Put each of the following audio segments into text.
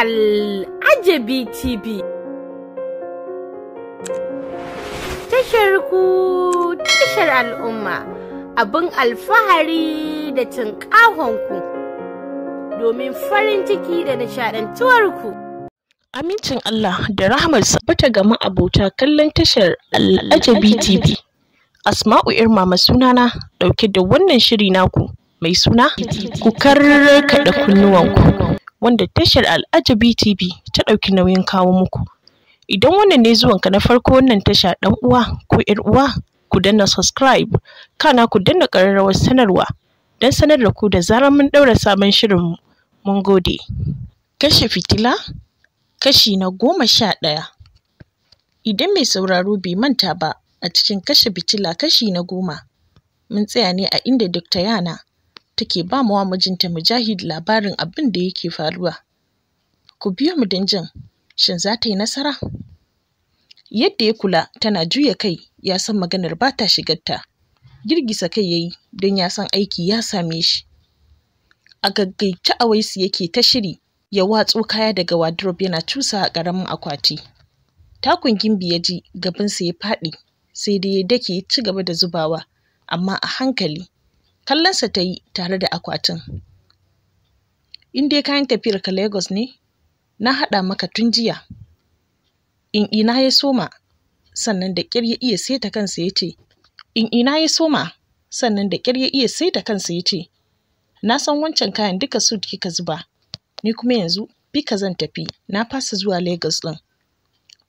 Al'ajabi TV. Tashar ku tashar al'umma abin alfahari da ku domin farin ciki da nishaɗantuwarku. Amincin Allah da rahmarsa bata gama abota kallon tashar Al'ajabi TV. Asma'u Irma sunana ɗauke da wannan shiri naku mai suna ku karkaɗa kunnuwanku. wanda tashar Al'ajabi TV ta ɗauki nauyin kawo muku. Idan wannan ne zuwanka na farko wannan tasha ɗan uwa ko ‘yar uwa ku danna subscribe kana ku danna ƙararrawar sanarwa don sanar da ku da zarar mun ɗaura sabon shirin mun gode. Kashe fitila kashi na goma sha ɗaya. Idan mai sauraro bai manta ba a cikin kashe fitila kashi na goma mun tsaya ne a inda Dr. Yana take ba wa mijinta Mujahid labarin abin da yake faruwa. Ku biyo mu don jin shin za ta yi nasara? Yadda ya kula tana juya kai ya san maganar ba ta shigarta. Girgiza kai ya yi don ya san aiki ya same shi. A gaggaice Awaisu yake ta shiri ya watso kaya daga wardrobe yana cusa a ƙaramin akwati. Takun gimbi ya ji gabansa ya faɗi sai dai ya dake ci gaba da zubawa amma a hankali kallonsa ta yi tare da akwatin in dai kayan tafiyar ka lagos ne na haɗa maka tun jiya in ina ya soma sannan da ƙyar ya iya saita kansa ya in ina ya soma sannan da ƙyar iya saita kansa ya ce na san wancan kayan duka su kika zuba ni kuma yanzu bika zan tafi na fasa zuwa lagos ɗin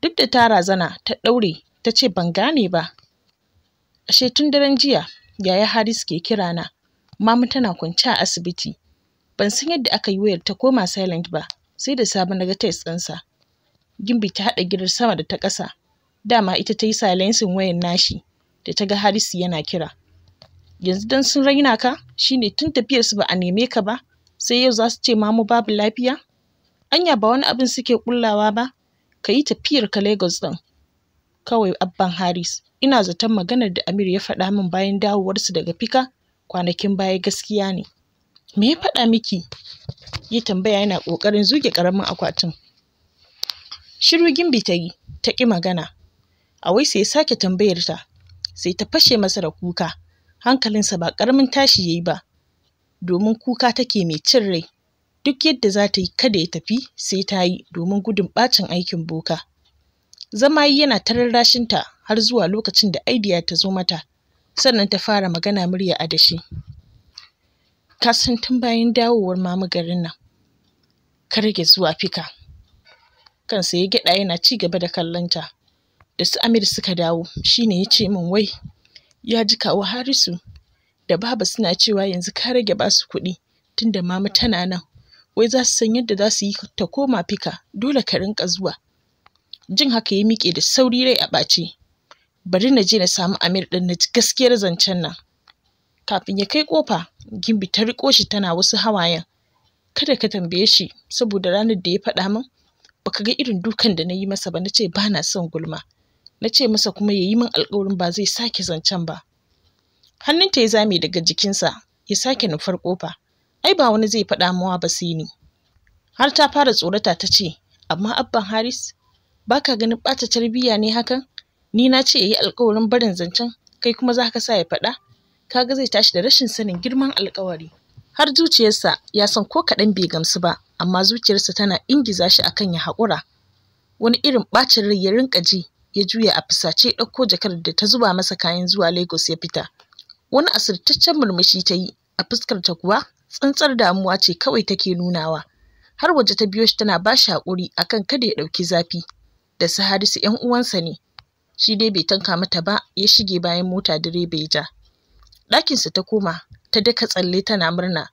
duk da ta razana ta ɗaure ta ce ban gane ba ashe tun daren jiya yaya Haris ke kira na. Mamu tana kwance a asibiti. Ban san yadda aka yi wayar ta koma silent ba, sai da sabon daga test ɗinsa. Gimbi ta haɗa gidan sama da ta ƙasa. Dama ita ta yi silencing wayan nashi da ta ga Haris yana kira. Yanzu dan sun raina ka shine tun tafiyarsu ba a neme ka ba, sai yau za su ce mamu babu lafiya? Anya ba wani abin suke ƙullawa ba, ka yi tafiyar ka Lagos ɗin. kawai abban haris ina zaton maganar da amir ya faɗa min bayan dawowarsu daga fika kwanakin baya gaskiya ne me ya faɗa miki Yi tambaya yana ƙoƙarin zuge ƙaramin akwatin shiru gimbi ta yi ta ƙi magana a wai sai sake tambayar ta sai ta fashe masa da kuka hankalinsa ba ƙaramin tashi ya yi ba domin kuka take mai cin rai duk yadda za ta yi kada ya tafi sai ta yi domin gudun ɓacin aikin boka Zama yana ta ta har zuwa lokacin da aidiya ta zo mata, sannan ta fara magana murya a dashi. Ka san tun bayan dawowar mamu garin nan, ka rage zuwa fika. Kansa ya gyaɗa yana ci gaba da kallonta. Da su Amir suka dawo, shine ya ce min wai, ya ji kawo Harisu da baba suna cewa yanzu ka rage basu kuɗi tunda mamu tana nan. Wai za su san yadda za su yi ta koma fika, dole ka rinƙa zuwa. jin haka ya miƙe da sauri rai a ɓace bari na je na samu amir ɗin na ji gaskiyar zancen nan kafin ya kai ƙofa gimbi ta riƙo shi tana wasu hawayen kada ka tambaye shi saboda ranar da ya faɗa min baka ga irin dukan da na yi masa ba na ce ba na son gulma na ce masa kuma ya yi min alƙawarin ba zai sake zancen ba hannunta ya zame daga jikinsa ya sake nufar ƙofa ai ba wani zai faɗa mawa ba sai ni har ta fara tsorata ta ce amma abban haris baka ganin ɓata tarbiyya ne hakan ni na ce yayi alƙawarin barin zancen kai kuma zaka sa ya faɗa kaga zai tashi da rashin sanin girman alƙawari har zuciyarsa ya san ko kaɗan bai gamsu ba amma zuciyarsa tana ingiza shi akan ya haƙura wani irin ɓacin rai ya rinka ji ya juya a fusace ɗauko jakar da ta zuba masa kayan zuwa Lagos ya fita. Wani asirtaccen murmushi ta yi a fuskar ta kuwa tsantsar damuwa ce kawai take nunawa. Har waje ta biyo shi tana ba shi haƙuri akan kada ya ɗauki zafi. da su Harisu ‘yan uwansa ne. Shi dai bai tanka mata ba ya shige bayan mota direba ya ja. Ɗakinsa ta koma ta daka tsalle tana murna.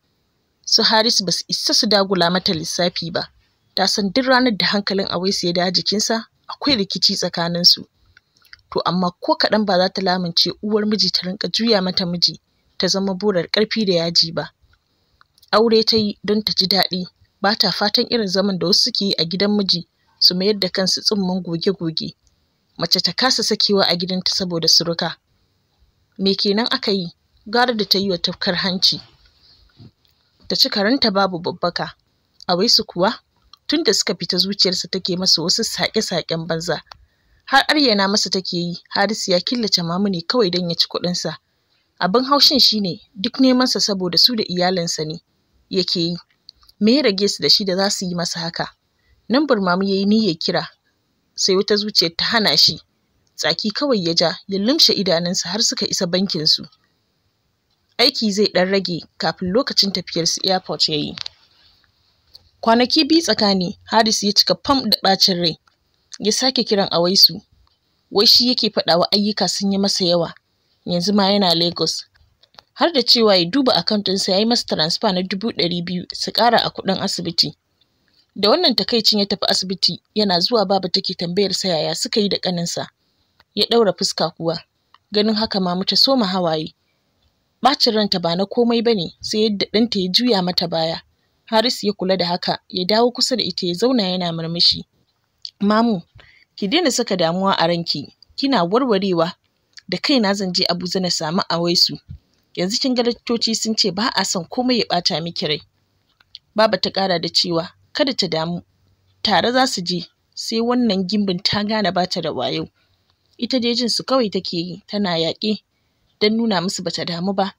Su Harisu ba su isa su dagula mata lissafi ba. Ta san duk ranar da hankalin Awaisu ya da jikinsa akwai rikici tsakaninsu. To amma ko kaɗan ba za ta lamince uwar miji ta rinka juya mata miji ta zama burar ƙarfi da yaji ba. Aure ta yi don ta ji daɗi ba ta fatan irin zaman da wasu suke yi a gidan miji su mayar da kansu tsumman goge-goge mace ta kasa sakewa a gidanta saboda suruka me kenan aka yi gara da ta yi wa tafkar hanci ta ci karanta babu babbaka a wai su kuwa tun da suka fita zuciyarsa take masa wasu saƙe-saƙen banza har aryana masa take yi harisu ya killace mamu ne kawai don ya ci kuɗinsa abin haushin shine duk nemansa saboda su da iyalinsa ne yake yi me ya rage su da shi da za su yi masa haka nan burmamu ya yi niyyar kira sai wata zuciyar ta hana shi tsaki kawai ya ja ya lumshe idanunsa har suka isa bankinsu aiki zai ɗan rage kafin lokacin tafiyarsu airport ya yi kwanaki biyu tsakani haris ya cika fam da ɓacin rai ya sake kiran awaisu wai shi yake faɗawa ayyuka sun yi masa yawa yanzu ma yana lagos har da cewa ya duba akaunt ɗinsa ya yi masa transfer na dubu ɗari biyu su ƙara a kuɗin asibiti da wannan takaicin ya tafi asibiti yana zuwa baba take tambayar sa yaya suka yi da kaninsa ya ɗaura fuska kuwa ganin haka ma muta soma hawaye bacin ranta ba na komai bane sai yadda ɗanta ya juya mata baya Haris ya kula da haka ya dawo kusa da ita ya zauna yana murmushi mamu ki daina saka damuwa a ranki kina warwarewa da kaina zan je Abuja na samu waisu yanzu kin ga sun ce ba a son komai ya bata miki rai baba ta kara da cewa Kada ta damu, tare za su je, sai wannan gimbin ta gane ba ta da wayo. Ita dai jinsu kawai take yi, tana yaƙe don nuna musu ba ta damu ba.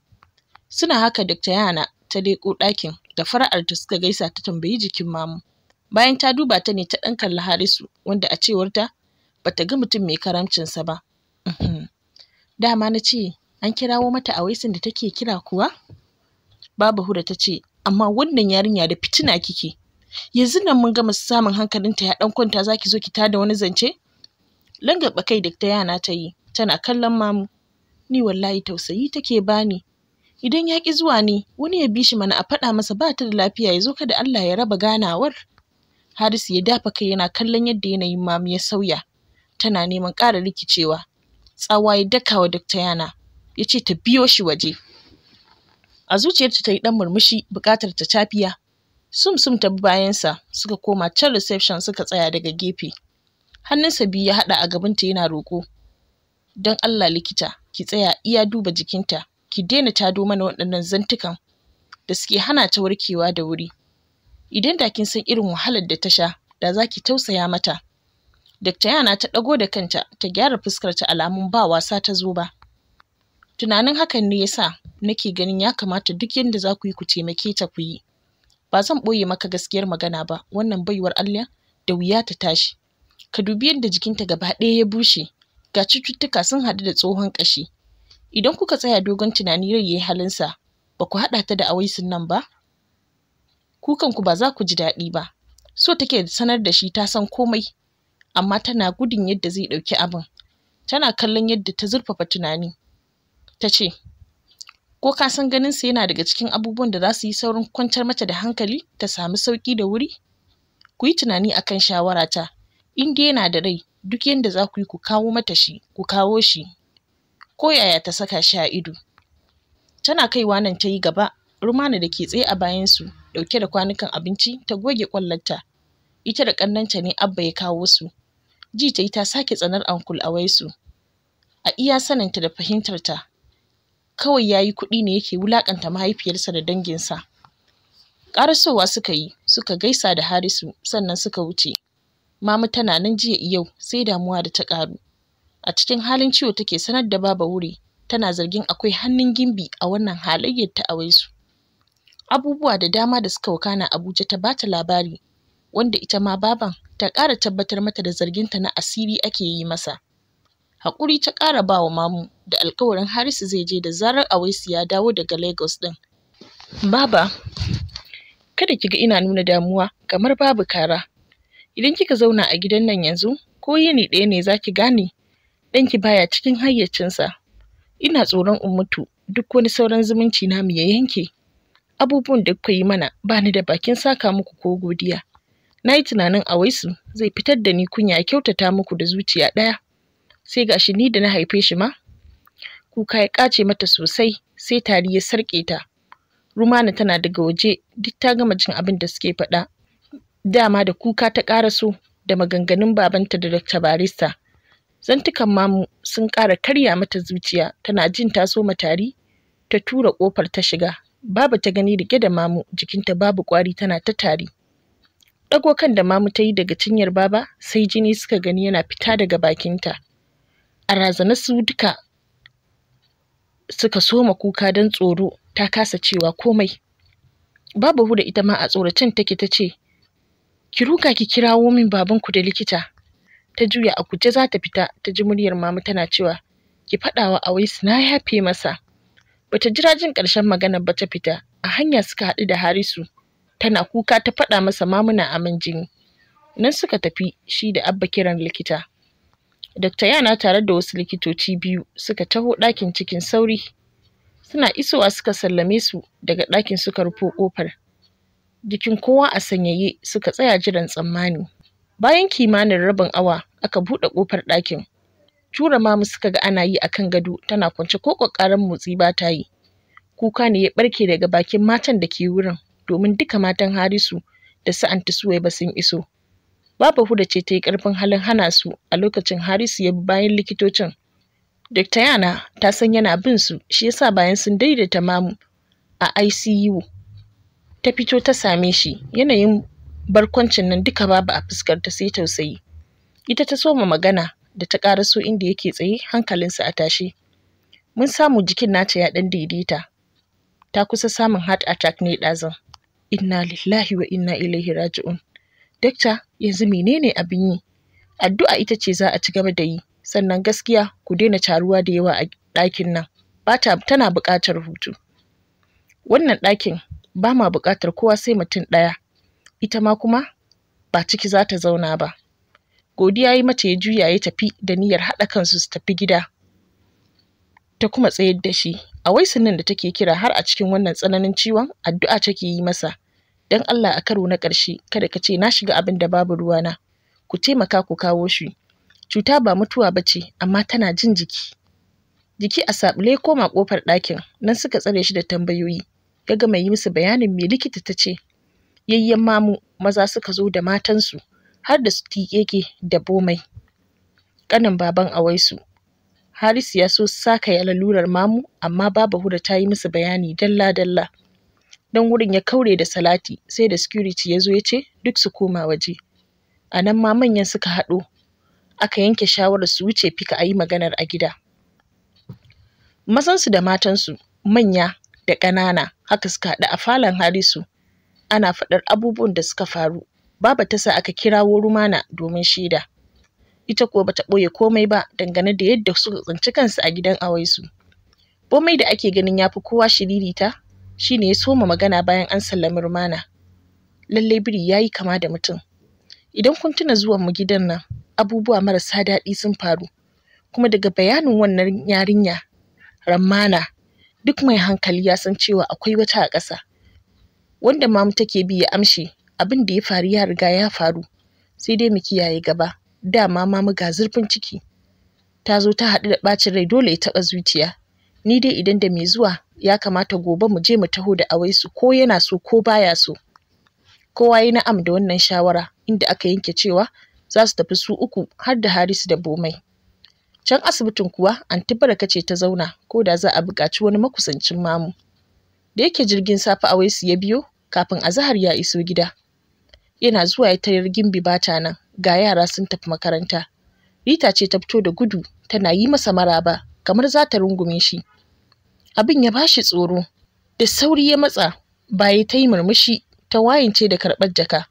Suna haka ta Yana ta leƙo ɗakin da fara'ar ta suka gaisa ta tambayi jikin mamu. Bayan ta duba ta ne ta ɗan kalli Harisu wanda a cewarta ba ta ga mutum mai karamcinsa ba. Uhm, dama na ce an kirawo mata a waisin da take kira kuwa? Babu Hura ta ce, amma wannan yarinya da fitina kike. yanzu nan mun gama samun hankalin ta ya ɗan kwanta zaki zo ki tada wani zance langaɓa kai da ta yana ta yi tana kallon mamu ni wallahi tausayi take bani idan ya ki zuwa ni, wani ya bi shi mana a faɗa masa ba ta da lafiya ya zo kada Allah ya raba ganawar Harisu ya dafa kai yana kallon yadda yanayin mamu ya sauya tana neman ƙara rikicewa tsawa ya dakawa wa Yana ya ce ta biyo shi waje a zuciyarta ta yi ɗan murmushi buƙatar ta tafiya sum sum ta bi bayansa suka koma can reception suka tsaya daga gefe hannunsa biyu ya haɗa a gabanta yana roƙo don allah likita ki tsaya iya duba jikinta ki daina tado mana waɗannan zantukan da suke hana ta warkewa da wuri idan da kin san irin wahalar da ta sha da za ki tausaya mata Dakta yana ta ɗago da kanta ta gyara fuskarta alamun ba wasa ta zo ba. Tunanin hakan ne yasa nake ganin ya kamata duk yadda za ku yi ku taimake ta ku yi. ba zan ɓoye maka gaskiyar magana ba wannan baiwar Allah da wuya ta tashi ka dubi yadda jikinta gaba ɗaya ya bushe ga cututtuka sun haɗu da tsohon ƙashi idan kuka tsaya dogon tunani rai yayi halinsa ba ku haɗa ta da awaisin nan ba Kukan ku ba za ku ji daɗi ba so take sanar da shi ta san komai amma tana gudun yadda zai ɗauki abin tana kallon yadda ta zurfafa tunani ta ce ko ka san ganin sa yana daga cikin abubuwan da za su yi saurin kwantar mata da hankali ta samu sauki da wuri ku yi tunani akan shawarata in dai yana da rai duk yadda za ku yi ku kawo mata shi ku kawo shi ko yaya ta saka shi a ido tana kaiwa nan ta yi gaba rumana da ke tsaye a bayan su ɗauke da kwanukan abinci ta goge ƙwallonta ita da ƙannanta ne abba ya kawo su ji ta yi ta sake tsanar ankul a waisu a iya saninta da fahimtarta kawai ya yi kuɗi ne yake wulaƙanta mahaifiyarsa da danginsa ƙarasowa suka yi suka gaisa da harisu sannan suka wuce mamu tana nan jiya yau sai damuwa da ta ƙaru a cikin halin ciwo take sanar da baba wuri tana zargin akwai hannun gimbi a wannan halayyar ta su. abubuwa da dama da suka wakana abuja ta bata labari wanda ita ma baban ta ƙara tabbatar mata da zarginta na asiri ake yi masa Hakuri ta ƙara ba wa Mamu da alkawarin Harisu zai je da zarar Awaisu ya dawo daga Lagos ɗin. Baba, kada ki ga ina nuna damuwa kamar babu kara. Idan kika zauna a gidan nan yanzu, ko yini ɗaya ne za ki gane ɗanki baya cikin hayyacinsa. Ina tsoron in mutu duk wani sauran zumunci na mu ya yanke. Abubuwan da kuka yi mana ba ni da bakin saka muku ko godiya. Na yi tunanin Awaisu zai fitar da ni kunya kyautata muku da zuciya ɗaya. sai ga shi ni da na haife shi ma kuka ya kace mata sosai sai tari ya sarƙe ta rumana tana daga waje duk ta gama jin abin da suke faɗa dama da kuka ta ƙaraso da maganganun babanta da Dr. Barista. Zantukan mamu sun ƙara karya mata zuciya tana jin ta ma tari, ta tura ƙofar ta shiga. Babu ta gani rike da mamu jikinta babu ƙwari tana ta tari. Ɗago kan da mamu ta yi daga cinyar baba sai jini suka gani yana fita daga bakinta. a razana su duka suka soma kuka don tsoro ta kasa cewa komai babu huda ita ma a tsoracin take ta ce ki ruka ki kirawo min babanku da likita ta juya a kuje za ta fita ta ji muryar mamu tana cewa ki faɗawa a waisu na yafe masa bata jira jin ƙarshen maganar ba ta fita a hanya suka haɗu da harisu tana kuka ta faɗa masa mamuna aman jini nan suka tafi shi da abba kiran likita Dokta yana tare da wasu likitoci biyu suka taho ɗakin cikin sauri. Suna isowa suka sallame su daga ɗakin suka rufo ƙofar. Jikin kowa a sanyaye suka tsaya jiran tsammani. Bayan kimanin rabin awa aka buɗe ƙofar ɗakin. Tura mamu suka ga ana yi a kan gado tana kwance ko ƙoƙarin motsi ba ta yi. Kuka ne ya ɓarke daga bakin matan da ke wurin domin duka matan Harisu da su anti Suwaiba sun iso. Baba Huda ce ta yi ƙarfin halin hana su a lokacin Harisu ya bi bayan likitocin. Dr. Yana ta san yana bin su shi yasa bayan sun daidaita mamu a ICU ta fito ta same shi yanayin barkwancin nan duka babu a fuskar ta sai tausayi. Ita ta soma magana da ta ƙara so inda yake tsaye hankalinsa a tashe. Mun samu jikin nata ya ɗan daidaita. Ta kusa samun heart attack ne ɗazan. Inna lillahi wa inna ilaihi raji'un. dakta yanzu menene abin yi addu'a ita ce za a ci gaba da yi sannan gaskiya ku daina taruwa da yawa a ɗakin nan bata tana buƙatar hutu wannan ɗakin ba ma buƙatar kowa sai mutum ɗaya ita ma kuma ba ciki za ta zauna ba godiya yi mata ya juya ya tafi da niyyar haɗa kansu su tafi gida ta kuma tsayar da shi a waisannin da take kira har a cikin wannan tsananin ciwon addu'a take yi masa don Allah a karo na ƙarshe kada ka ce na shiga abin da babu na, ku taimaka ku kawo shi cuta ba mutuwa ba ce amma tana jin jiki jiki a sabule koma ƙofar ɗakin nan suka tsare shi da tambayoyi ya gama yi musu bayanin me likita ta ce yayyen mamu maza suka zo da matansu har da su tiƙeƙe da bomai ƙanin baban awaisu harisu ya so saka ya lalurar mamu amma babu hura ta yi musu bayani dalla dalla don wurin ya kaure da salati sai da security ya zo ya ce duk su koma waje a nan ma manyan suka haɗo aka yanke shawarar su wuce fika a yi maganar a gida mazansu da matansu manya da ƙanana haka suka haɗu a falon harisu ana faɗar abubuwan da suka faru baba ta sa aka kirawo rumana domin shaida ita kuwa bata ɓoye komai ba dangane da yadda suka tsinci kansu a gidan awaisu komai da ake ganin ya fi kowa shiririta shi ne ya soma magana bayan an sallami rumana lallai biri ya yi kama da mutum idan kun tuna zuwan mu gidan nan abubuwa marasa daɗi sun faru kuma daga bayanin wannan yarinya Ramana, duk mai hankali ya san cewa akwai wata a ƙasa wanda mamu take bi ya amshi abin da ya faru ya riga ya faru sai dai mu kiyaye gaba dama mamu ga zurfin ciki ta zo ta haɗu da ɓacin rai dole ya taɓa zuciya ni dai idan da mai zuwa ya kamata gobe mu je mu taho da awaisu ko yana so ko baya so kowa ya na'am da wannan shawara inda aka yanke cewa za su tafi su uku har da harisu da bomai can asibitin kuwa anti baraka ce ta zauna ko da za a buƙaci wani makusancin mamu da yake jirgin safe awaisu ya biyo kafin azahar ya iso gida yana zuwa ya tayar gimbi bata nan ga yara sun tafi makaranta rita ce ta fito da gudu tana yi masa maraba kamar za ta rungume shi abin ya ba shi tsoro da sauri ya matsa baya ta yi murmushi ta wayance da karɓar jaka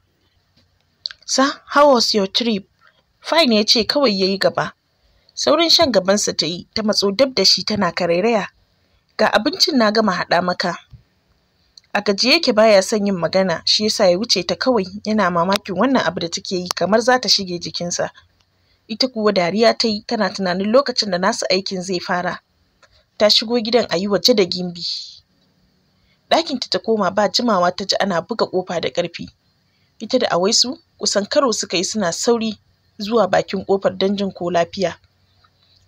sa how was your trip fine ya ce kawai ya yi gaba saurin shan gabansa ta yi ta matso dab da shi tana karairaya ga abincin na gama haɗa maka a gajiye yake baya son yin magana shi yasa ya wuce ta kawai yana mamakin wannan abu da take yi kamar za ta shige jikinsa ita kuwa dariya ta yi tana tunanin lokacin da nasu aikin zai fara ta shigo gidan a yi waje da gimbi ɗakinta ta koma ba jimawa ta ji ana buga ƙofa da ƙarfi ita da awaisu kusan karo suka yi suna sauri zuwa bakin ƙofar danjin ko lafiya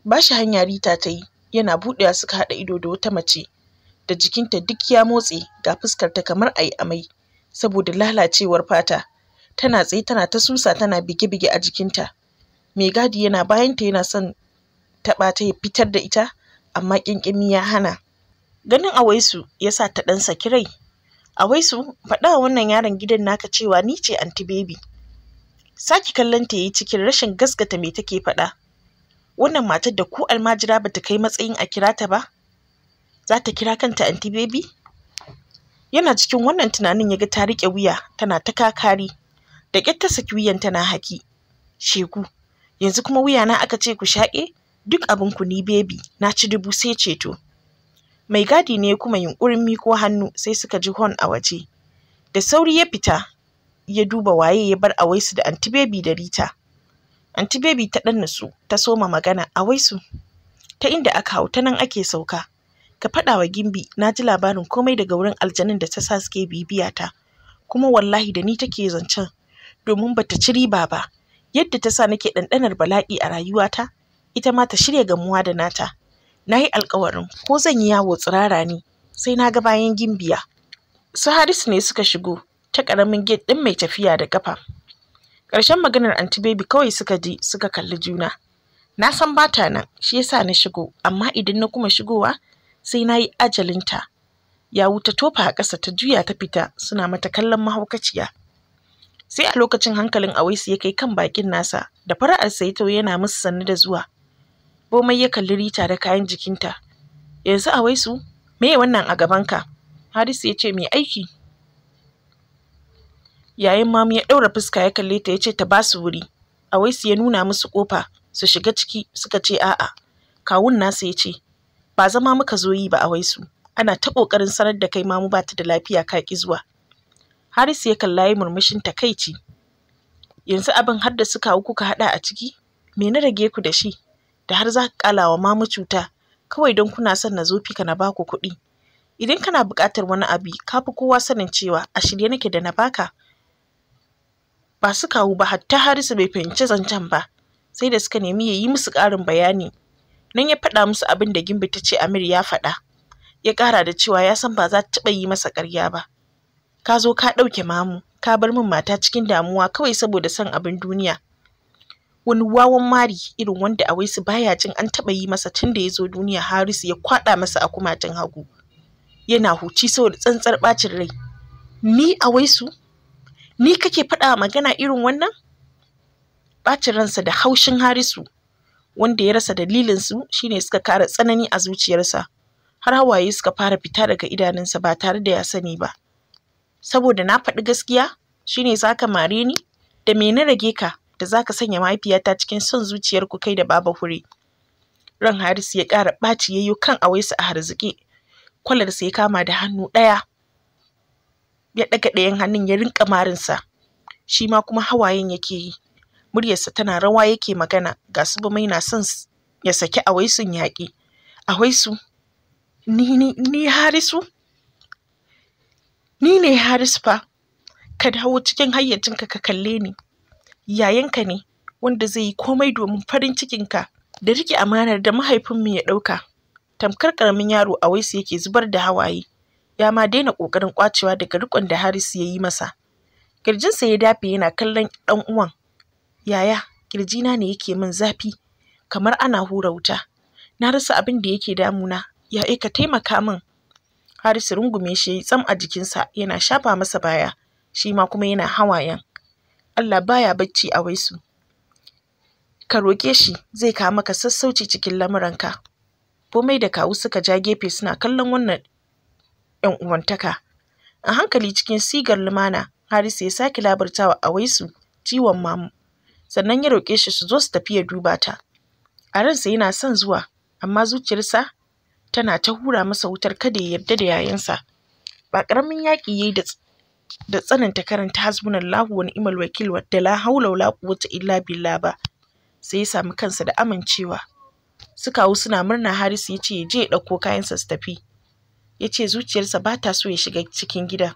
ba shi hanya rita ta yi yana buɗewa suka haɗa ido da wata mace da jikinta duk ya motse ga fuskarta kamar a yi amai saboda lalacewar fata tana tsaye tana ta susa tana bige-bige a jikinta mai gadi yana bayanta yana son taɓa ta ya fitar da ita amma ƙinƙimi ya hana ganin awaisu ya sa ta ɗan saki rai awaisu faɗa wa wannan yaron gidan naka cewa ni ce anti baby saki kallon ta yi cikin rashin gaskata me take faɗa wannan matar da ko almajira bata kai matsayin a kira ta ba za ta kira kanta anti baby yana cikin wannan tunanin ya ga ta riƙe wuya tana ta kakari da ƙyar ta saki wuyan tana haƙi shegu yanzu kuma wuya na aka ce ku shaƙe duk abin ku ni bebi na ci dubu sai ceto mai gadi ne kuma yunƙurin miko hannu sai suka ji hon a waje da sauri ya fita ya duba waye ya bar awaisu da anti bebi da rita anti bebi ta ɗan nutsu ta soma magana awaisu ta inda aka hau ta nan ake sauka ka faɗawa wa gimbi na ji labarin komai daga wurin aljanin da ta sa suke bibiya ta kuma wallahi da ni take zancen domin bata ci riba ba yadda ta sa nake ɗanɗanar bala'i a rayuwata ita ma ta shirya gamuwa da nata na yi alkawarin ko zan yi yawo tsirara ne sai na ga bayan gimbiya su harisu ne suka shigo ta ƙaramin gate ɗin mai tafiya da ƙafa ƙarshen maganar anti baby kawai suka ji suka kalli juna na san bata nan shi yasa na shigo amma idan na kuma shigowa sai na yi ajalinta ya wuta tofa a ƙasa ta juya ta fita suna mata kallon mahaukaciya sai a lokacin hankalin awaisu ya kai kan bakin nasa da fara'ar sai yana musu sannu da zuwa komai ya kalli rita da kayan jikinta yanzu awaisu me wannan a gabanka harisu ya ce mai aiki yayin mamu ya ɗaura fuska ya kalle ta ya ce ta basu wuri awaisu ya nuna musu kofa su shiga ciki suka ce a'a kawun nasa ya ce ba zama muka zo yi ba awaisu ana ta ƙoƙarin sanar da kai mamu ba ta da lafiya ka ki zuwa Harisu ya kalla yi murmushin takaici. Yanzu abin har da suka hau kuka haɗa a ciki, me na rage ku da shi, da har za ka ƙala wa mamu cuta, kawai don kuna son na zo fika na baku kuɗi. Idan kana buƙatar wani abu, ka fi kowa sanin cewa a shirye nake da na baka. Ba su kawo ba hatta Harisu bai fahimci zancen ba, sai da suka nemi ya yi musu ƙarin bayani. Nan ya faɗa musu abin da Gimbi ta ce Amir ya faɗa. Ya ƙara da cewa ya san ba za ta taɓa yi masa ƙarya ba. ka zo ka ɗauke mamu ka bar min mata cikin damuwa kawai saboda son abin duniya wani wawan mari irin wanda a waisu baya jin an taɓa yi masa tun da ya zo duniya harisu ya kwaɗa masa a kumatin hagu yana huci saboda tsantsar ɓacin rai ni a waisu ni kake faɗa magana irin wannan ɓacin ransa da haushin harisu wanda ya rasa dalilinsu shine suka kara tsanani a zuciyarsa har hawaye suka fara fita daga idanunsa ba tare da ya sani ba saboda na faɗi gaskiya shine zaka mare ni da me na rage ka da zaka sanya mahaifiyata cikin son zuciyar ku kai da baba hure ran Harisu ya ƙara ɓaci yayyo kan a awaisu a harzike kwalarsa ya kama da hannu ɗaya ya ɗaga ɗayan hannun ya rinka marinsa shi ma kuma hawayen yake yi muryarsa tana rawa yake magana ga su mai na son ya saki a awaisun yaƙi waisu ni ni ni harisu ni ne haris fa ka dawo cikin hayyacinka ka kalle ni yayanka ne wanda zai yi komai domin farin cikinka da rike amanar da mahaifinmu ya ɗauka tamkar karamin yaro a waisu yake zubar da hawaye ya ma daina ƙoƙarin ƙwacewa daga rikon da haris ya yi masa kirjinsa ya dafe yana kallon ɗan uwan yaya kirjina ne yake min zafi kamar ana hura wuta na rasa abin da yake damuna ya ka taimaka min Harisu rungume shi yayi tsam a jikinsa yana shafa masa baya shi ma kuma yana hawayen. Allah baya bacci a waisu. Ka roƙe shi zai kawo maka sassauci cikin lamuranka. Komai da kawu suka ja gefe suna kallon wannan ‘yan uwantaka. A hankali cikin sigar lumana Harisu ya sake labartawa a waisu ciwon mamu. Sannan ya roƙe shi su zo su tafi ya duba ta. A ransa yana son zuwa amma zuciyarsa tana ta hura masa wutar kada ya yarda da yayansa ba ƙaramin yaƙi yayi da da tsananta karanta hasbunallahu wa ni'mal wakil da la wa la quwwata illa billah ba sai ya samu kansa da amincewa su kawo suna murna Harisu ya ce ya je ya ɗauko kayansa su tafi ya ce zuciyarsa ba ta so ya shiga cikin gida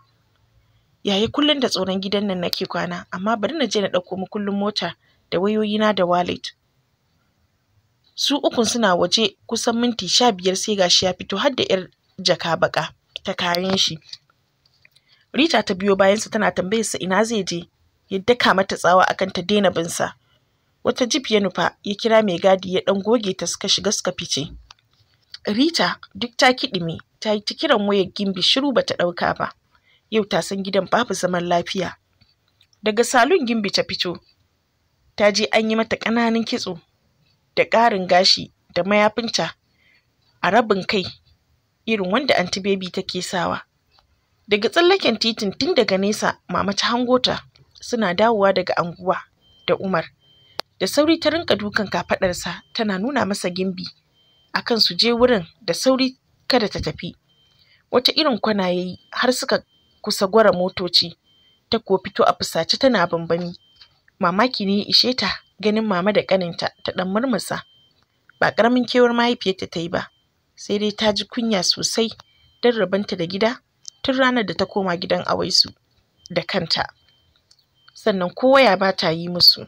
yayi kullum da tsoron gidan nan nake kwana amma bari na je na ɗauko makullin mota da wayoyina da wallet su ukun suna waje kusan minti sha biyar sai gashi ya fito har da yar jaka baka ta kayan shi rita ta biyo bayan sa tana tambayar sa ina zai je ya daka mata tsawa akan ta daina bin sa wata jip ya nufa ya kira mai gadi ya dan goge ta suka shiga suka fice rita duk ta kidime ta yi ta kiran wayar gimbi shiru bata ɗauka ba yau ta san gidan babu zaman lafiya daga salon gimbi ta fito ta je an yi mata ƙananan kitso da ƙarin gashi da mayafinta a rabin kai irin wanda anti baby take sawa daga tsallaken titin tun daga nesa mama ta hango suna dawowa daga anguwa da umar da sauri ta rinka dukan kafaɗarsa tana nuna masa gimbi akan su je wurin da sauri kada ta tafi wata irin kwana yayi har suka kusa gwara motoci ta ko fito a fusace tana bambami mamaki ne ya ishe ta ganin mama da ƙaninta ta ɗan murmusa. Ba ƙaramin kewar mahaifiyarta ta yi ba, sai dai ta ji kunya sosai don rabanta da gida tun ranar da ta koma gidan awaisu da kanta. Sannan kowa ya ba ta yi musu.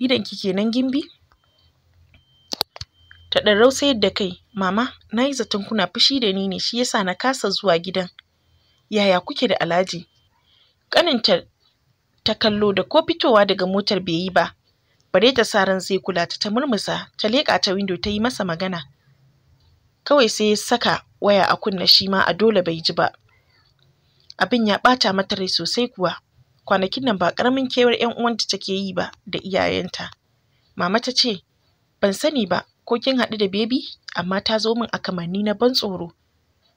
idan kike nan gimbi? ta ɗan rausayar da kai mama na yi zaton kuna fushi da ni ne shi yasa na kasa zuwa gidan yaya kuke da alhaji ƙaninta ta kallo da ko fitowa daga motar bai yi ba bare ta sa ran zai kula ta ta murmusa ta leƙa ta windo ta yi masa magana kawai sai ya saka waya a kunna shi ma a dole bai ji ba abin ya ɓata mata rai sosai kuwa kwanakin nan ba ƙaramin kewar 'yan uwanta take yi ba da iyayenta mama ta ce ban sani ba ko kin haɗu da bebi amma ta zo min a kamanni na ban tsoro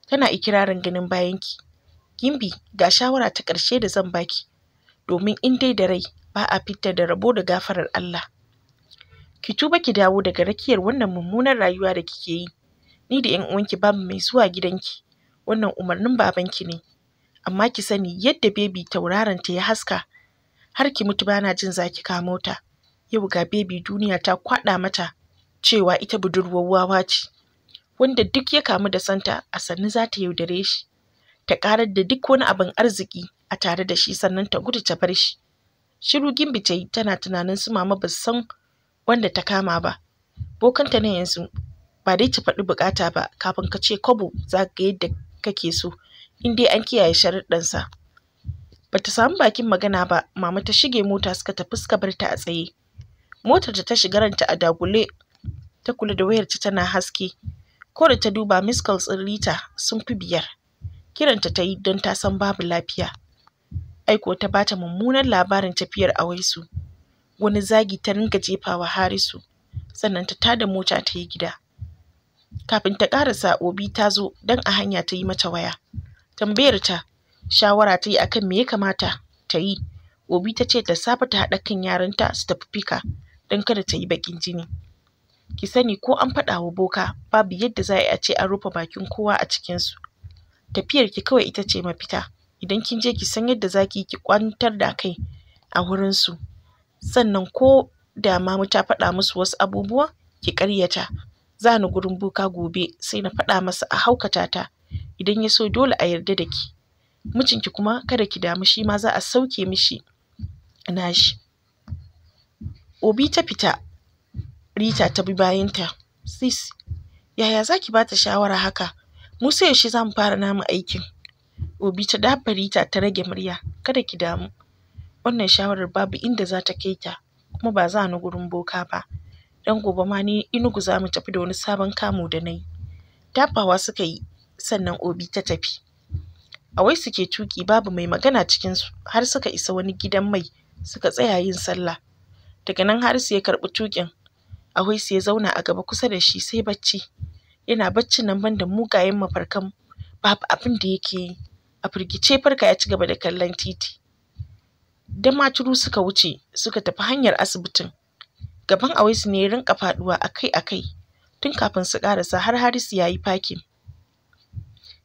tana ikirarin ganin bayanki gimbi ga shawara ta ƙarshe da zan baki domin in dai da rai ba a fitta da rabo da gafarar Allah ki tuba ki dawo daga rakiyar wannan mummunar rayuwa da kike yi ni da ƴan uwanki babu mai zuwa gidanki wannan umarnin babanki ne amma ki sani yadda bebi tauraron ta ya haska har ki mutu bana jin za ki kamo ta yau ga bebi duniya ta kwaɗa mata cewa ita budurwar wawa ce wanda duk ya kamu da santa a sannu za ta yaudare shi ta ƙarar da duk wani abin arziki a tare da shi sannan ta gudu ta bar shi shiru gimbi ta yi tana tunanin su mama ba san wanda ta kama ba bokanta na yanzu ba dai ta faɗi bukata ba kafin ka ce kobo za ka yadda kake so in dai an kiyaye sharuɗansa ba ta samu bakin magana ba mama ta shige mota suka tafi suka bar ta a tsaye motar ta ta shiga ranta a dagule ta kula da wayar ta tana haske ko da ta duba miss calls ɗin sun fi biyar kiranta ta yi don ta san babu lafiya Aiko ta bata ta mummunan labarin tafiyar Awaisu, wani zagi ta ringa jefawa Harisu, sannan ta tada mota ta yi gida. Kafin ta sa Obi ta zo don a hanya ta yi mata waya. Tambayar ta shawara ta yi akan me ya kamata ta yi. Obi ta ce ta saba ta haɗa kan yaranta su tafi fika don kada ta yi baƙin jini. Ki sani ko an faɗa wa boka babu yadda za a ce an rufe bakin kowa a cikinsu. Tafiyar ki kawai ita ce mafita. idan kin je ki san yadda za ki yi ki kwantar da kai a wurin su sannan ko da mamu ta faɗa musu wasu abubuwa ki ƙaryata za ni gurin boka gobe sai na faɗa masa a haukata ta idan ya so dole a yarda da ki mijinki kuma kada ki damu shi ma za a sauke mishi nashi obi ta fita rita ta bi bayanta sis yaya za ki ba ta shawara haka mu sai yaushe za mu fara namu aikin Obi ta dafa Rita ta rage murya, kada ki damu. Wannan shawarar babu inda za ta kai ta, kuma ba za ni gurin boka ba. Dan gobe ma ni Inugu za mu tafi da wani sabon kamu da na yi. Tafawa suka yi, sannan Obi ta tafi. A wai suke tuki babu mai magana cikinsu har suka isa wani gidan mai suka tsaya yin sallah. Daga nan Harisu ya karɓi tukin. su ya zauna a gaba kusa da shi sai bacci. Yana baccin nan banda mugayen mafarkan babu abin da yake yi a firgice farka ya ci gaba da kallon titi da maturu suka wuce suka tafi hanyar asibitin gaban awaisu ne ya rinka faduwa akai akai tun kafin su karasa har harisu ya yi fakin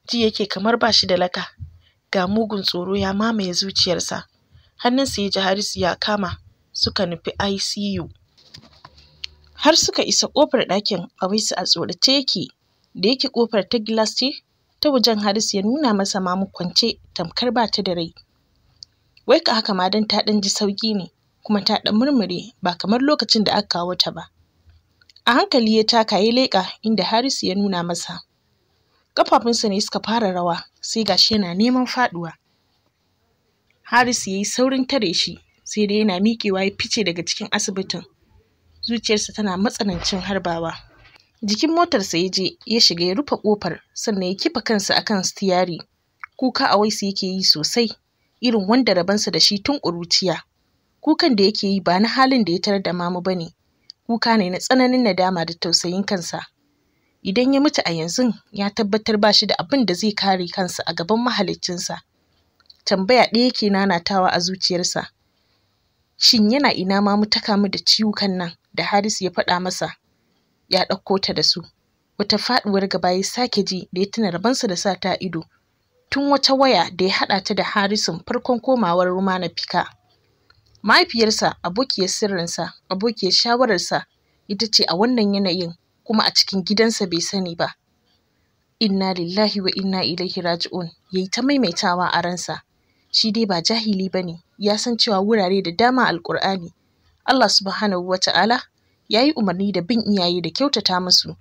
ji yake kamar ba shi da laka ga mugun tsoro ya mamaye zuciyarsa hannunsa ya ji harisu ya kama suka nufi icu har suka isa kofar ɗakin awaisu a tsorace yake da yake kofar ta gilas ce ta wajen Harisu ya nuna masa mamu kwance tamkar ba ta da rai. Wai ka haka ma don ta ɗan ji sauƙi ne kuma ta ɗan murmure ba kamar lokacin da aka kawo ta ba. A hankali ya taka ya leka inda Harisu ya nuna masa. Ƙafafunsa ne suka fara rawa sai gashi yana neman faɗuwa. Harisu ya yi saurin tare shi sai dai yana miƙewa ya fice daga cikin asibitin. Zuciyarsa tana matsanancin harbawa. jikin motarsa ya je ya shiga ya rufe kofar sannan ya kifa kansa akan stiyari kuka a waisu yake yi sosai irin wanda rabansa da shi tun ƙuruciya kukan da yake yi ba na halin da ya tarar da mamu bane kuka ne na tsananin nadama da tausayin kansa idan ya mutu a yanzu ya tabbatar ba shi da abin da zai kare kansa a gaban mahaliccinsa tambaya ɗaya yake nanatawa a zuciyarsa shin yana ina mamu ta kamu da ciwukan nan da Haris ya faɗa masa ya ɗauko ta da su wata faɗuwar gaba ya sake ji da ya tuna rabansa da sa ta ido tun wata waya da ya haɗa ta da Harrison farkon komawar na Fika. Mahaifiyarsa abokiyar sirrinsa, abokiyar shawararsa ita ce a wannan yanayin kuma a cikin gidansa bai sani ba. Inna lillahi wa inna ilaihi raji'un yayi ta maimaitawa a ransa. Shi dai ba jahili bane ya san cewa wurare da dama Alƙur'ani. Allah subhanahu wa ta'ala ya yi umarni da bin iyaye da kyautata musu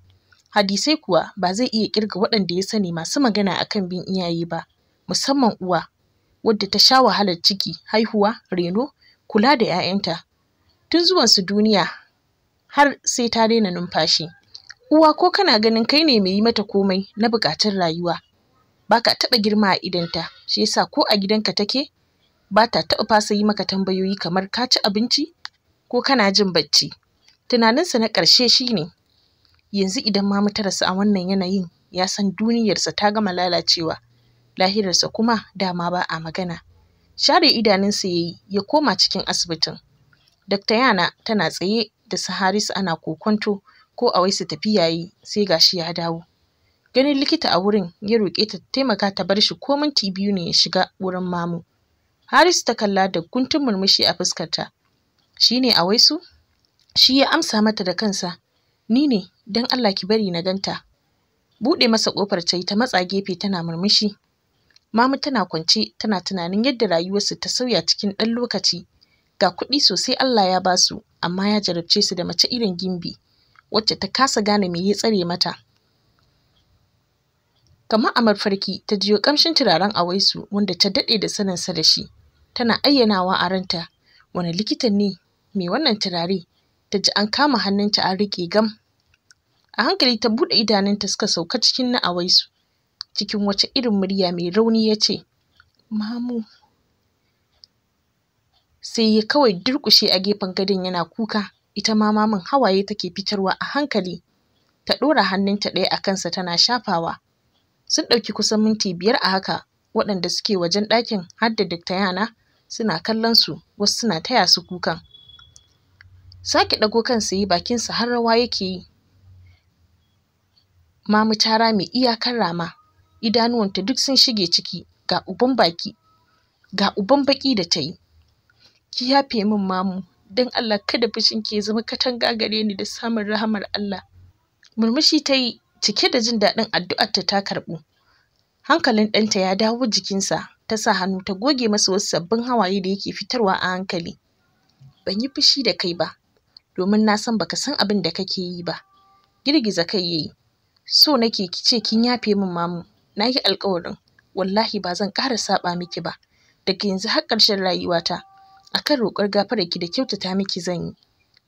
hadisai kuwa ba zai iya kirga waɗanda ya sani masu magana akan bin iyaye ba musamman uwa wadda ta sha wahalar ciki haihuwa reno kula da 'ya'yanta tun zuwansu duniya har sai ta daina numfashi uwa ko kana ganin kai ne mai yi mata komai na buƙatar rayuwa ba ka taɓa girma a idanta shi yasa ko a gidanka take ba ta taɓa fasa yi maka tambayoyi kamar ka ci abinci ko kana jin bacci tunaninsa na ƙarshe shine yanzu idan ma mutarsa a wannan yanayin ya san duniyarsa ta gama lalacewa lahirarsa kuma dama ba a magana share idanunsa ya yi ya koma cikin asibitin Dr. yana tana tsaye da su harisu ana kokonto ko a su tafi yayi sai gashi ya dawo ganin likita a wurin ya roƙe ta taimaka ta bar shi ko minti biyu ne ya shiga wurin mamu harisu ta kalla da guntun murmushi a fuskarta shine a waisu shi ya amsa mata da kansa ni ne don Allah ki bari na ganta buɗe masa ƙofar ta yi ta matsa gefe tana murmushi mamu tana kwance tana tunanin yadda rayuwarsu ta sauya cikin ɗan lokaci ga kuɗi sosai Allah ya ba su amma ya jarabce su da mace irin gimbi wacce ta kasa gane me ya tsare mata kamar a mafarki ta jiyo ƙamshin turaren a waisu wanda ta daɗe da saninsa da shi tana ayyanawa a ranta wani likitan ne mai wannan turare ta ji an kama hannunta an riƙe gam a hankali ta buɗe idanunta suka sauka cikin na'awaisu su. cikin wata irin murya mai rauni ya ce mamu sai ya kawai durƙushe a gefen gadon yana kuka ita ma maman hawaye take fitarwa a hankali ta ɗora hannunta ɗaya a kansa tana shafawa sun ɗauki kusan minti biyar a haka waɗanda suke wajen ɗakin har da yana suna kallon su wasu suna taya su kukan sake ɗago kansa yi bakinsa har rawa yake yi mamu tara mai iyakar rama idanuwanta duk sun shige ciki ga uban baki ga uban baki da ta yi ki yafe min mamu don Allah kada fushin ke zama katanga gare ni da samun rahamar Allah murmushi ta yi cike da jin daɗin addu'ar ta karɓu hankalin ɗanta ya dawo jikinsa ta sa hannu ta goge masa wasu sabbin hawaye da yake fitarwa a hankali ban yi fushi da kai ba domin na san baka san abin da kake yi ba girgiza kai yayi so nake ki ce kin yafe min mamu na yi alkawarin wallahi ba zan ƙara saɓa miki ba daga yanzu har ƙarshen rayuwata akan roƙar gafarar ki da kyautata miki zan yi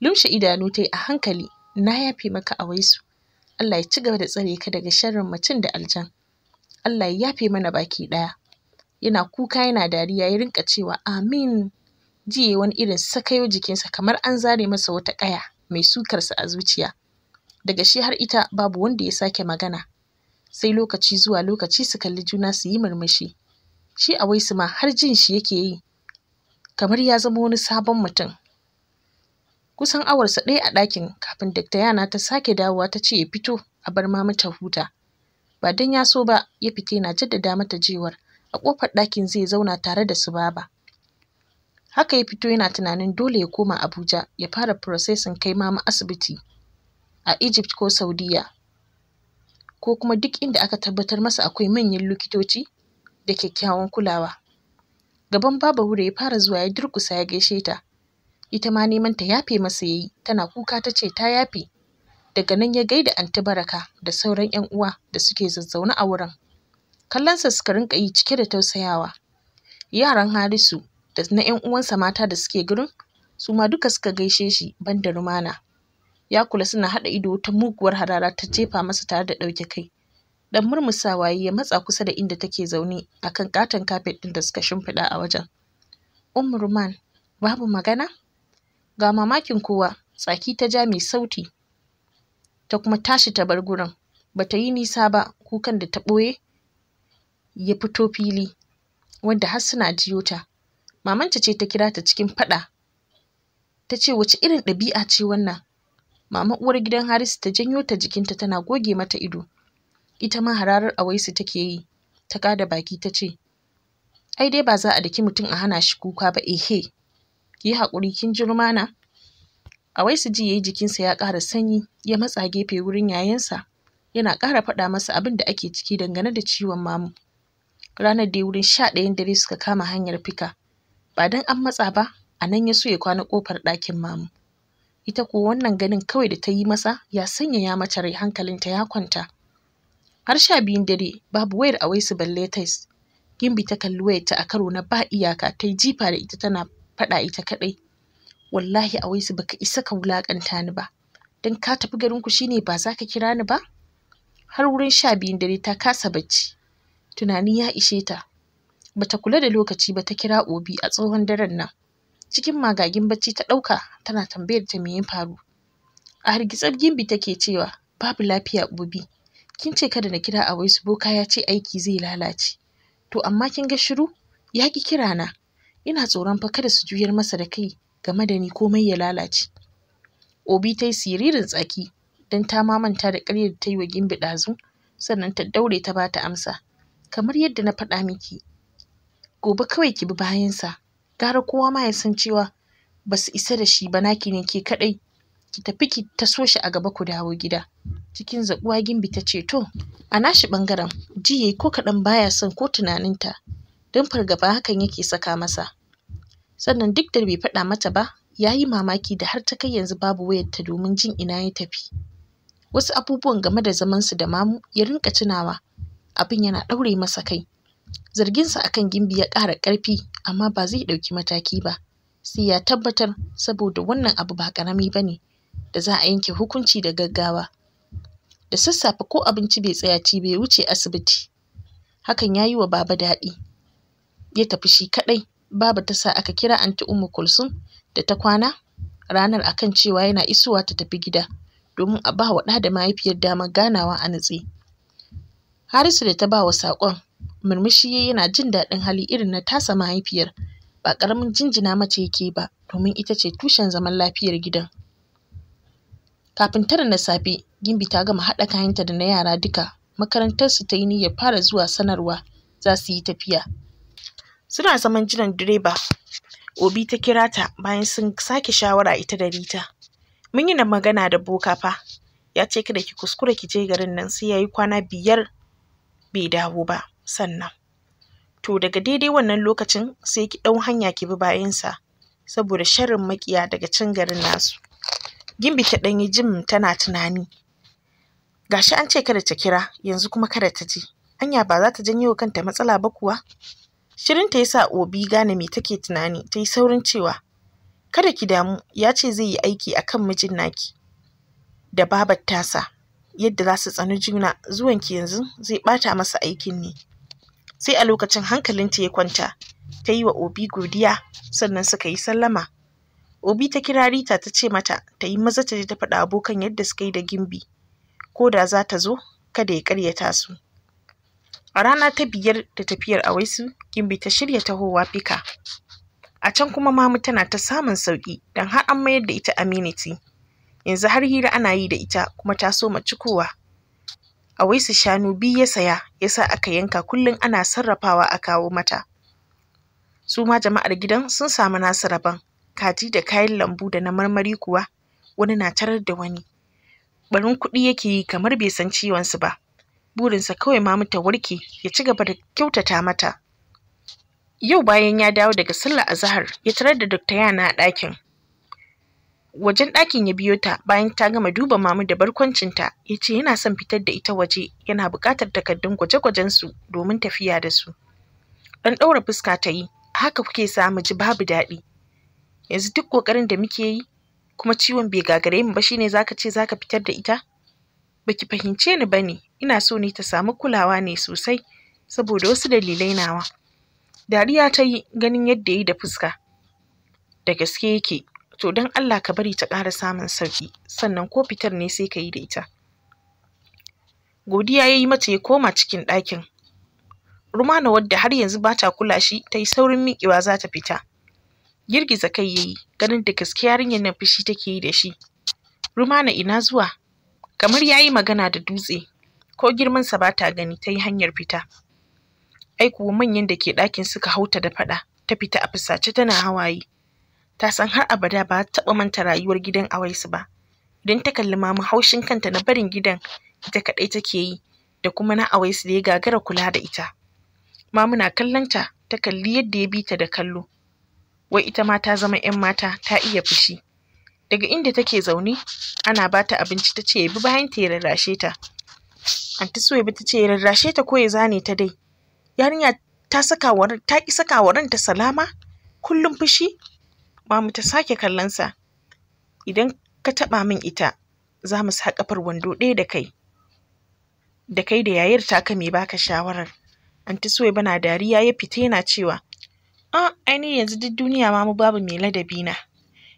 lumshe idanu ta a hankali na yafe maka a waisu Allah ya ci gaba da tsare ka daga sharrin mutum da aljan Allah ya yafe mana baki ɗaya yana kuka yana dariya ya rinka cewa amin ji wani irin sakayo jikinsa kamar an zare masa wata ƙaya mai sukarsa a zuciya daga shi har ita babu wanda ya sake magana sai lokaci zuwa lokaci su kalli juna su yi murmushi shi a waisu ma har jin shi yake yi kamar ya zama wani sabon mutum kusan awarsa ɗaya a ɗakin kafin dakta yana ta sake dawowa ta ce ya fito a bar ma mata huta ba don ya so ba ya fita yana jaddada mata jewar a ƙofar ɗakin zai zauna tare da su baba haka ya fito yana tunanin dole ya koma abuja ya fara processing kai mama asibiti a egypt ko saudiya ko kuma duk inda aka tabbatar masa akwai manyan likitoci da kyakkyawan kulawa gaban baba wure ya fara zuwa ya durkusa ya gaishe ta ita ma neman ta yafe masa yayi tana kuka ta ce ta yafe daga nan ya gaida anti baraka da sauran yan uwa da suke zazzaune a wurin Kallon sa suka rinka yi cike da tausayawa yaran harisu da na 'yan uwansa mata da suke gurin su ma duka suka gaishe shi ban da rumana ya kula suna haɗa ido wata muguwar harara ta jefa masa tare da ɗauke kai dan murmusawa ya matsa kusa da inda take zaune a kan katon kafet ɗin da suka shimfiɗa a wajen ummu ruman babu magana ga mamakin kowa tsaki ta ja mai sauti ta kuma tashi ta bar gurin bata yi nisa ba kukan da ta ɓoye ya fito fili wanda har suna jiyo ta mamanta ce ta kira ta cikin faɗa ta ce wace irin ɗabi'a ce wannan Maman uwar gidan harisu ta janyo ta jikinta tana goge mata ido ita ma hararar awaisu take yi ta kada baki ta ce ai dai ba za a daki mutum a hana shi kuka ba ehe ki yi haƙuri kin ji rumana awaisu ji yayi jikinsa ya ƙara sanyi ya matsa gefe wurin yayansa yana ƙara faɗa masa abin da ake ciki dangane da ciwon mamu ranar dai wurin sha ɗayan dare suka kama hanyar fika ba don an matsa ba a nan ya so ya kwana kofar ɗakin mamu ita ko wannan ganin kawai da ta yi masa ya sanya ya mace rai hankalinta ya kwanta har sha biyun dare babu wayar a waisu balle tais gimbi ta kalli wayarta a karo na ba iyaka ta yi jifa da ita tana faɗa ita kaɗai wallahi a waisu baka isa ka wulaƙanta ni ba don ka tafi garinku shine ba za ka kira ni ba har wurin sha biyun dare ta kasa bacci tunani ya ishe ta bata kula da lokaci ba ta kira Obi a tsohon daren nan cikin magagin bacci ta ɗauka tana tambayar ta meye ya faru a hargitsar gimbi take cewa babu lafiya Obi kin ce kada na kira a waisu boka ya ce aiki zai lalace to amma kin ga shiru ya ki kira na ina tsoron fa kada su juyar masa da kai game da ni komai ya lalace Obi ta yi siririn tsaki don ta manta da ƙaryar da ta yi wa Gimbi ɗazu sannan ta daure ta bata amsa kamar yadda na faɗa miki gobe kawai ki bi bayansa gara kowa ma ya san cewa ba su isa da shi ba naki ne ke kaɗai ki tafi ki taso shi a gaba ku dawo gida cikin zaɓuwa gimbi ta ce to a nashi ɓangaren ji yayi ko kaɗan baya son ko tunaninta don fargaba hakan yake saka masa sannan duk da bai faɗa mata ba ya yi mamaki da har ta kai yanzu babu wayarta domin jin ina ya tafi wasu abubuwan game da zamansu da mamu ya rinka tunawa abin yana ɗaure masa kai Zarginsa akan Gimbi ya ƙara ƙarfi amma ba zai ɗauki mataki ba sai ya tabbatar saboda wannan abu ba ƙarami ba ne da za a yanke hukunci da gaggawa. Da sassafe ko abinci bai tsaya ci ba ya wuce asibiti. Hakan ya yi wa Baba daɗi. Ya tafi shi kaɗai babu ta sa aka kira Anti Ummu Kulsum da ta kwana ranar akan cewa yana isowa ta tafi gida domin a ba wa ɗa da mahaifiyar damar ganawa a nutse. Harisu da ta ba wa saƙon murmushi yana jin daɗin hali irin na tasa mahaifiyar ba ƙaramin jinjina mace yake ba domin ita ce tushen zaman lafiyar gidan kafin tara na safe gimbi ta gama haɗa kayanta da na yara duka makarantarsu ta yi niyyar fara zuwa sanarwa za su yi tafiya suna zaman jiran direba obi ta kira ta bayan sun sake shawara ita da rita mun yi na magana da boka fa ya ce kada ki kuskura ki je garin nan sai ya yi kwana biyar bai dawo ba sannan to daga daidai wannan lokacin sai ki ɗau hanya ki bi bayansa saboda sharrin maƙiya daga can garin nasu gimbi ta ɗanyi jim tana tunani gashi an ce kada ta kira yanzu kuma kada ta je anya ba za ta janyo wa kanta matsala ba kuwa shirin ta yasa obi gane me take tunani ta yi saurin cewa kada ki damu ya ce zai yi aiki a kan mijin naki da babar tasa yadda za su tsani juna zuwan ki yanzu zai ɓata masa aikin ne sai a lokacin hankalinta ya kwanta ta yi wa obi godiya sannan suka yi sallama obi ta kira rita ta ce mata ta yi maza ta je ta faɗa abokan yadda suka yi da gimbi ko da za ta zo kada ya karyata su a rana ta biyar da tafiyar a waisu, gimbi ta shirya tahowa fika a can kuma mamu tana ta samun sauƙi don har an mayar da ita aminiti yanzu har hira ana yi da ita kuma ta so kowa. a waisu shanu biyu ya saya ya sa aka yanka kullum ana sarrafawa a kawo mata su ma jama'ar gidan sun samu nasu rabon kaji da kayan lambu da na marmari kuwa wani na tarar da wani barin kuɗi yake yi kamar bai san ciwonsu ba burinsa kawai mamu ta warke ya ci gaba da kyautata mata yau bayan ya dawo daga sallar azahar ya tarar da dokta yana a ɗakin wajen ɗakin ya biyo ta bayan ta gama duba mamu da barkwancinta ya ce yana son fitar da ita waje yana buƙatar takardun gwaje gwajen su domin tafiya da su ɗan ɗaura fuska ta yi haka kuke sa mu ji babu daɗi yanzu duk ƙoƙarin da muke yi kuma ciwon bai gagare mu ba shine zaka ce zaka fitar da ita baki fahimce ni bane ina so ne ta samu kulawa ne sosai saboda wasu dalilai nawa dariya ta yi ganin yadda ya yi da fuska da gaske yake to don Allah ka bari ta ƙara samun sauƙi sannan ko fitar ne sai ka yi da ita godiya ya yi mata ya koma cikin ɗakin rumana wadda har yanzu ba ta kula shi ta yi saurin miƙewa za ta fita girgiza kai ya yi ganin da gaske yarinyar na fushi take yi da shi rumana ina zuwa kamar ya yi magana da dutse ko girmansa ba ta gani ta yi hanyar fita ai kuwa manyan da ke ɗakin suka hauta da faɗa ta fita a fusace tana hawaye ta san har abada ba ta taɓa manta rayuwar gidan awaisu ba don ta kalli mamu haushin kanta na barin gidan ita kaɗai take yi da kuma na awaisu da ya gagara kula da ita mamu na kallon ta ta kalli yadda ya bi ta da kallo wai ita ma ta zama 'yan mata ta iya fushi daga inda take zaune ana bata abinci ta ce ya bi bayan ta ya rarrashe ta anti suwaiba ta ce ya rarrashe ta ko ya zane ta dai yarinya ta saka ta ki saka wa ranta salama kullum fushi Mamu ta sake sa. Idan ka taɓa min ita, za mu sa ƙafar wando ɗaya da kai. Da kai da yayar taka mai baka shawarar. Anti Suwai bana dariya ya fita yana cewa, A ainihin yanzu duk duniya ma mu babu mai ladabi na.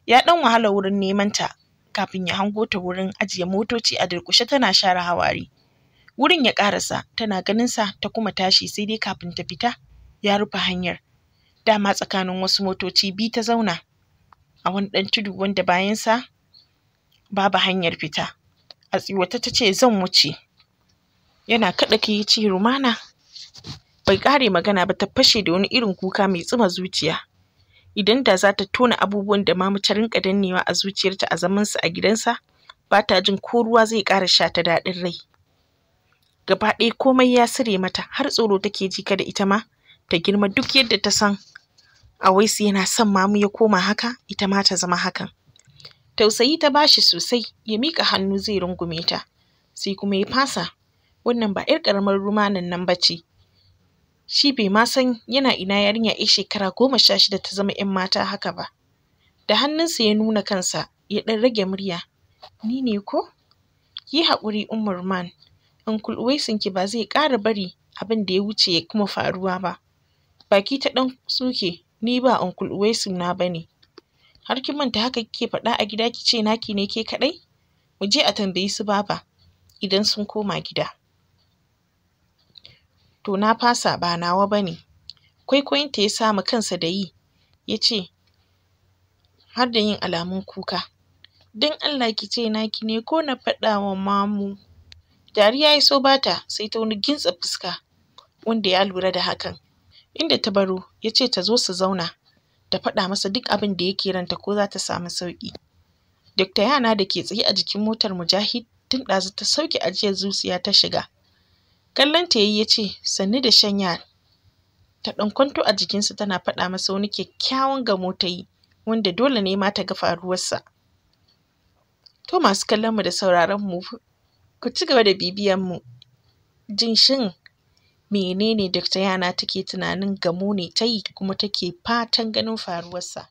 Ya ɗan wahala wurin neman ta kafin ya hango ta wurin ajiye motoci a durƙushe tana share hawari. Wurin ya ƙarasa tana ganin sa ta kuma tashi sai dai kafin ta fita ya rufe hanyar. Dama tsakanin wasu motoci biyu ta zauna a wani ɗan tudu wanda bayansa babu hanyar fita a tsiwata ta ce zan wuce yana kaɗa kai ya ce rumana bai ƙare magana ba ta fashe da wani irin kuka mai tsuma zuciya idan da za ta tona abubuwan da mamu ta rinka dannewa a zuciyarta a zamansa a gidansa ba ta jin ko ruwa zai ƙara sha ta daɗin rai gaba ɗaya komai ya sire mata har tsoro take ji kada ita ma ta girma duk yadda ta san Awaisu yana son mamu ya koma haka ita ma ta zama hakan. Tausayi ta bashi sosai ya miƙa hannu zai rungume ta sai kuma ya fasa wannan ba 'yar ƙaramar rumanan nan ba ce. Shi bai ma san yana ina yarinya ya shekara goma sha shida ta zama 'yan mata haka ba. Da hannunsa ya nuna kansa ya ɗan rage murya. Ni ne ko? Yi haƙuri man. In Uncle ki ba zai ƙara bari abin da ya wuce ya kuma faruwa ba. Baki ta ɗan suke ni ba Uncle Uwaisu na bane har kin manta haka kike faɗa a gida kice naki ne ke kaɗai mu je a tambayi su baba idan sun koma gida to na fasa ba nawa bane ta ya samu kansa da yi ya ce har da yin alamun kuka don Allah ki ce naki ne ko na faɗa wa mamu dariya ya so bata sai ta wani gintsa fuska wanda ya lura da hakan inda ta baro ya ce ta zo su zauna ta faɗa masa duk abin da yake ranta ko za ta samu sauƙi Duk da yana da ke tsaye a jikin motar mujahid tun ɗazu ta sauke ajiyar zuciya ta shiga kallon ta yi ya ce sannu da shanya ta ɗan kwanto a jikinsa tana faɗa masa wani kyakkyawan gamo ta yi wanda dole ne ma ta ga faruwarsa to masu kallon mu da sauraron mu ku ci gaba da bibiyan mu jin shin menene Dr. Yana take tunanin Gamo ne ta yi kuma take fatan ganin faruwarsa.